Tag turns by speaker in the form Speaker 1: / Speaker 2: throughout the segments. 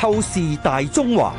Speaker 1: 透視大中華。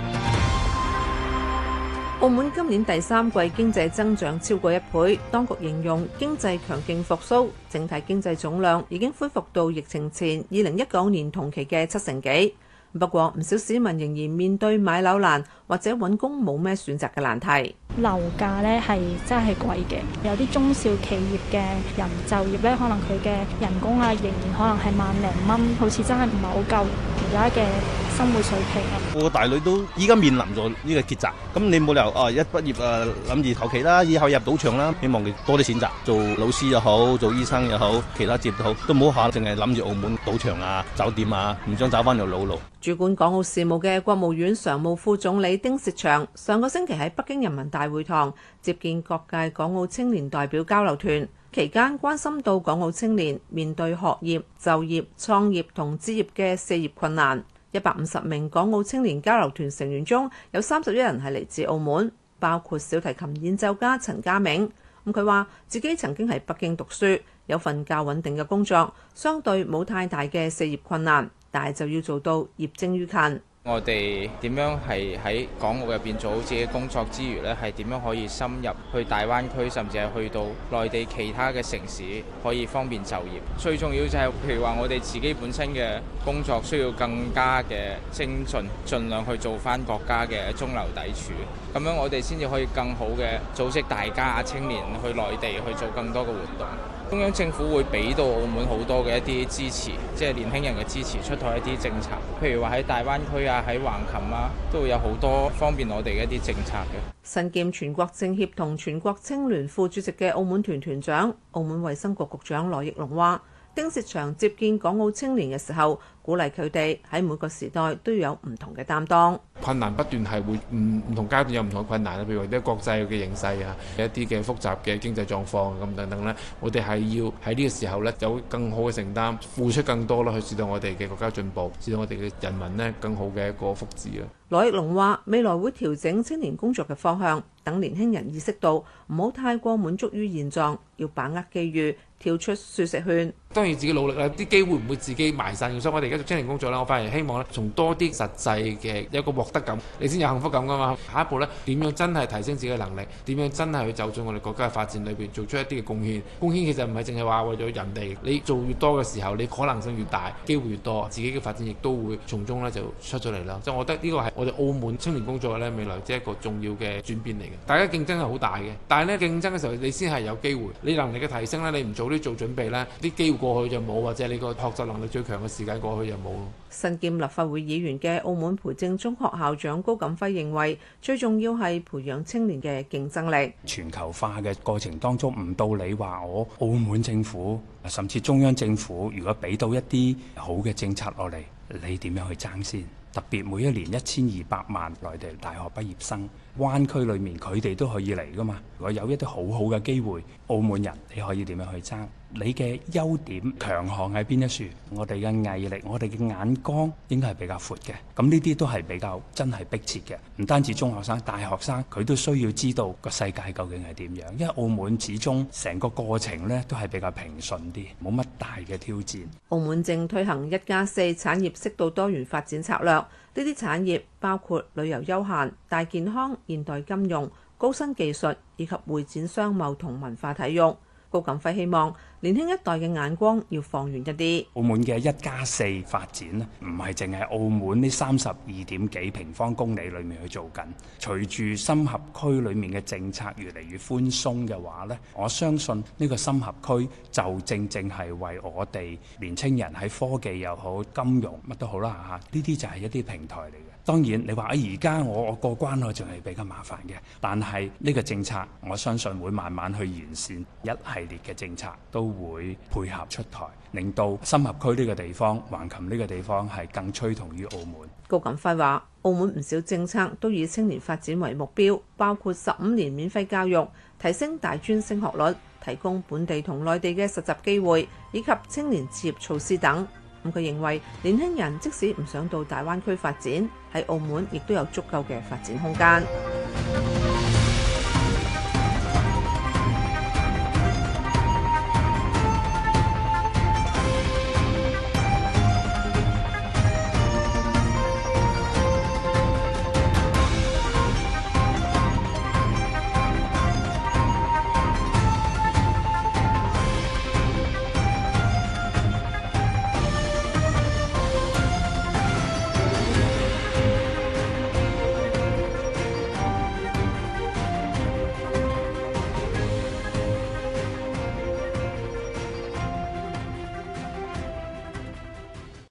Speaker 2: 澳門今年第三季經濟增長超過一倍，當局形容經濟強勁復蘇，整體經濟總量已經恢復到疫情前二零一九年同期嘅七成幾。不過，唔少市民仍然面對買樓難。或者揾工冇咩選擇嘅難題，
Speaker 3: 樓價咧係真係貴嘅，有啲中小企業嘅人就業咧，可能佢嘅人工啊，仍然可能係萬零蚊，好似真係唔係好夠而家嘅生活水
Speaker 2: 平。啊
Speaker 1: 個大女都依家面臨咗呢個抉擇，咁你冇理由啊一畢業啊諗住求其啦，以後入賭場啦，希望佢多啲選擇，做老師又好，做醫生又好，其他職業都好，都唔好限，淨係諗住澳門賭場啊、酒店啊，唔想走翻條老路。
Speaker 2: 主管港澳事務嘅國務院常務副總理，丁薛祥上個星期喺北京人民大會堂接見各界港澳青年代表交流團，期間關心到港澳青年面對學業、就業、創業同置業嘅四業困難。一百五十名港澳青年交流團成員中有三十一人係嚟自澳門，包括小提琴演奏家陳家銘。咁佢話自己曾經喺北京讀書，有份較穩定嘅工作，相對冇太大嘅四業困難，但係就要做到業精於勤。
Speaker 3: 我哋點樣係喺港澳入邊做好自己工作之餘呢，係點樣可以深入去大灣區，甚至係去到內地其他嘅城市，可以方便就業。最重要就係譬如話，我哋自己本身嘅工作需要更加嘅精進，盡量去做翻國家嘅中流砥柱，咁樣我哋先至可以更好嘅組織大家青年去內地去做更多嘅活動。中央政府會俾到澳門好多嘅一啲支持，即係年輕人嘅支持，出台一啲政策，譬如話喺大灣區啊，喺橫琴啊，都會有好多方便我哋嘅一啲政策嘅。
Speaker 2: 身兼全國政協同全國青聯副主席嘅澳門團團長、澳門衛生局局長羅奕龍話：丁石祥接見港澳青年嘅時候，鼓勵佢哋喺每個時代都有唔同嘅擔當。
Speaker 4: 困難不斷係會唔唔同階段有唔同嘅困難啦，譬如啲國際嘅形勢啊，一啲嘅複雜嘅經濟狀況咁等等咧，我哋係要喺呢個時候咧有更好嘅承擔，付出更多啦，去促進我哋嘅國家進步，促進我哋嘅人民呢，更好嘅一個福祉啦。
Speaker 2: 羅奕龍話：未來會調整青年工作嘅方向，等年輕人意識到唔好太過滿足於現狀，要把握機遇，跳出舒適圈。當
Speaker 4: 然自己努力啦，啲機會唔會自己埋曬，所以我哋而家做青年工作啦，我反而希望咧，從多啲實際嘅一個獲得感，你先有幸福感噶嘛？下一步呢？點樣真係提升自己嘅能力？點樣真係去走進我哋國家嘅發展裏邊，做出一啲嘅貢獻？貢獻其實唔係淨係話為咗人哋，你做越多嘅時候，你可能性越大，機會越多，自己嘅發展亦都會從中呢就出咗嚟啦。即係我覺得呢個係我哋澳門青年工作呢未來即係一個重要嘅轉變嚟嘅。大家競爭係好大嘅，但係呢競爭嘅時候你先係有機會。你能力嘅提升呢，你唔早啲做準備呢，啲機會過去就冇，或者你個學習能力最強嘅時間過去就冇咯。
Speaker 2: 身兼立法會議員嘅澳門培正中學校長高錦輝認為，最重要係培養青年嘅競爭力。
Speaker 1: 全球化嘅過程當中，唔到你話我澳門政府。甚至中央政府如果俾到一啲好嘅政策落嚟，你點樣去爭先？特別每一年一千二百萬內地大學畢業生，灣區裏面佢哋都可以嚟㗎嘛。如果有一啲好好嘅機會，澳門人你可以點樣去爭？你嘅優點強項喺邊一處？我哋嘅毅力，我哋嘅眼光應該係比較闊嘅。咁呢啲都係比較真係逼切嘅。唔單止中學生，大學生佢都需要知道個世界究竟係點樣。因為澳門始終成個過程呢都係比較平順。冇乜大嘅挑戰。
Speaker 2: 澳門正推行一加四產業適度多元發展策略，呢啲產業包括旅遊休閒、大健康、現代金融、高新技術以及會展商貿同文化體育。高錦輝希望，年輕一代嘅眼光要放遠一啲。
Speaker 1: 澳門嘅一加四發展咧，唔係淨係澳門呢三十二點幾平方公里裏面去做緊。隨住深合區裏面嘅政策越嚟越寬鬆嘅話呢，我相信呢個深合區就正正係為我哋年輕人喺科技又好、金融乜都好啦吓。呢啲就係一啲平台嚟嘅。當然你話啊，而家我過關啊，仲係比較麻煩嘅。但係呢個政策，我相信會慢慢去完善一系列嘅政策都，會配合出台，令到深合區呢個地方、橫琴呢個地方係更趨同於澳門。
Speaker 2: 高錦輝話，澳門唔少政策都以青年發展為目標，包括十五年免費教育、提升大專升學率、提供本地同內地嘅實習機會以及青年置業措施等。咁佢認為，年輕人即使唔想到大灣區發展，喺澳門亦都有足夠嘅發展空間。